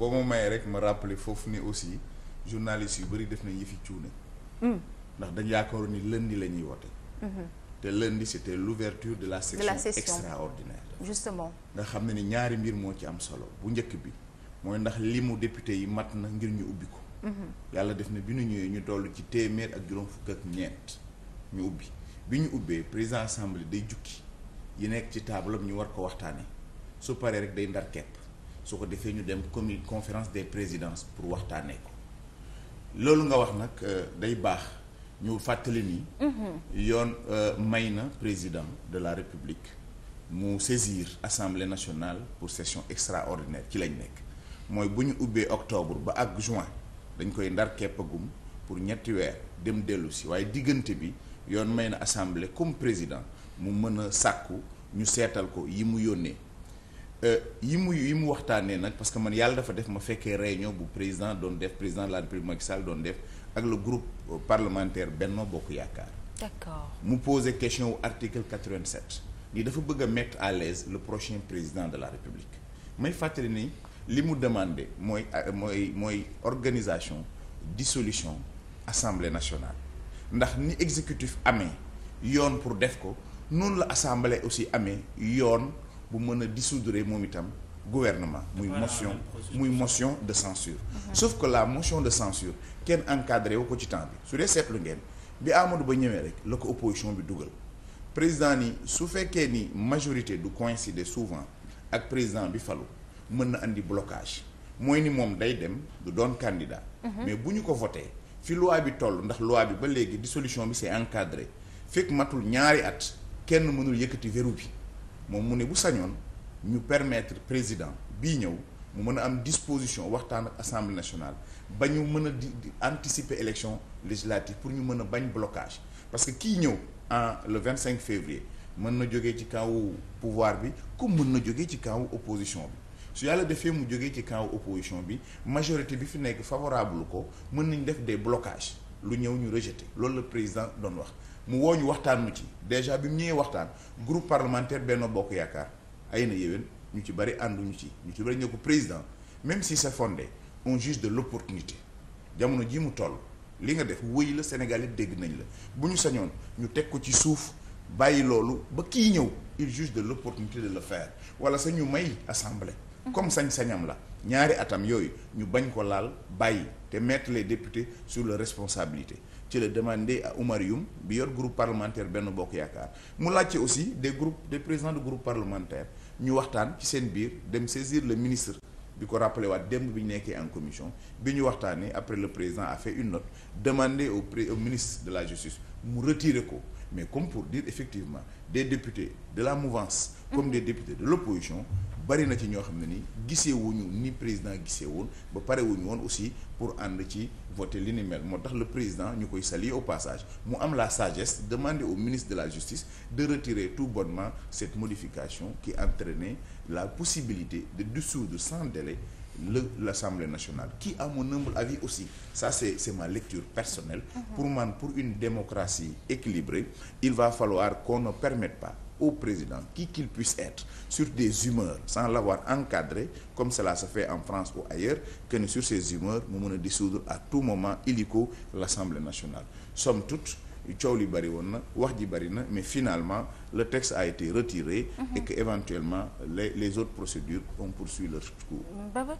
boo ma mayee rek ma rappeler foofu ne aussi journalistes yu bëri def nañ fi cuune mm. ndax dañ yaakaaru ni lundi la ñuy woote mm-hmm. te lundi c'était l'ouverture de la section, de la session extraordinaire justement nga xam ne ni ñaari mbir moo ci am solo bu njëkk bi mooy ndax li mu député yi mat na ngir ñu ubbi ko mm-hmm. yàlla def na bi ñu ñëwee ñu toll ci téeméer ak juróom fukk ak ñeent ñu ubbi bi ñu ubbee président assemblée day jukki yi nekk ci table ñu war ko waxtaanee su paree rek day ndar su ko defee ñu dem commu conférence des présidences pour waxtaanee ko loolu nga wax nag euh, day baax ñu fàttali ni. Mhm. yoon euh, may na président de la république mu saisir assemblée nationale pour session extraordinaire ci lañ nekk mooy bu ñu ubbee octobre ba ak juin dañ koy ndar keppagum pour ñetti weer dem dellu si waaye diggante bi yoon may na assemblée comme président mu mën a sàkku ñu seetal ko yi mu yónnee. Euh, yi muy yi mu waxtaanee nag parce que man yàlla dafa def ma fekkee réunion bu président doon def président de la République Macky Sall doon def ak le groupe euh, parlementaire Benno Bokk Yaakaar. d'accord mu poser question wu article 87 ni dafa bëgg a mettre à l'aise le prochain président de la République may fàttali ni li mu demandé mooy euh, mooy mooy organisation dissolution assemblée nationale ndax ni exécutif amee yoon pour def ko noonu la assemblée aussi amee yoon. bu mën a dissoudre moom itam gouvernement muy motion muy motion de censure mhm. sauf ko la motion de censure kenn encadré wu ko ci temps bi su dee seetlu ngeen bi Amadou Ba ñëwee rek la ko opposition bi dugal président ni su fekkee ni majorité du coïncider souvent ak président bi falu mën na indi blocage mooy ni moom day dem du doon candidat mhm. mais bu ñu ko voté fi loi bi toll ndax loi bi ba léegi dissolution bi c'est encadré fekk matul ñaari at kenn mënul yëkkati verrou bi moom mu ne bu sañoon ñu permettre président bii ñëw mu mën a am disposition waxtaan ak assemblée nationale ba ñu mën a di anticiper élection législative pour ñu mën a bañ blocage parce que kii ñëw en le vingt cinq février mën na jóge ci kaw pouvoir bi comme mën na jógee ci kaw opposition bi su yàlla defee mu jógee ci kaw opposition bi majorité bi fi nekk favorable ko mën nañu def des blocage lu ñëw ñu rejeté loolu la président doon wax mu woo ñu ci. déjà bi mu ñëwee waxtaan groupe parlementaire benn Bokk Yaakaar ay na yéwén ñu ci bëri ànduñu ci ñu ci bëri ñu ko président même si sa fonde on juge de l'opportunité jamono ji mu toll li nga def wëy la Sénégal dégg nañ la bu ñu sañoon ñu teg ko ci suuf bàyyi loolu ba kii ñëw il juge de l'opportunité de le faire wala sa ñu may assemblée. comme sañ-sañam la ñaari atam yooyu ñu bañ ko laal bàyyi te mettre les députés sur leur responsabilité ci la demande a Oumar Youm bi yor groupe parlementaire benn Bokk Yaakaar mu laajte aussi des groupe de présidents de groupe parlementaire ñu waxtaan ci seen biir dem saisir le ministre bi ko rappelé waat démb bi ñu nekkee en commission bi ñu waxtaanee après le président a fait une note demandé au au ministre de la justice mu retirer ko mais comme pour dire effectivement des députés de la mouvance comme mm-hmm. des députés de l'opposition bari na ci ñoo xam ne ni gisee wuñu ni président gisee woon ba pare wuñu woon aussi pour ànd ci voter li moo tax le président ñu koy saluer au passage mu am la sagesse demande au ministre de la justice de retirer tout bonnement cette modification qui entraînait la possibilité de dissoudre sans délai le l'Assemblée nationale qui à mon humble avis aussi ça c'est c'est ma lecture personnelle. Mm-hmm. pour man pour une démocratie équilibrée il va falloir qu'on ne au président, qui qu'il puisse être, sur des humeurs, sans l'avoir encadré, comme cela se fait en France ou ailleurs, que sur ces humeurs, mu mën a dissoudre à tout moment illico l'Assemblée nationale. Somme tout coow li bëri woon na wax ji bëri na mais finalement le texte a été retiré. Mm -hmm. et que éventuellement les les autres procédures ont poursuivi leur cours.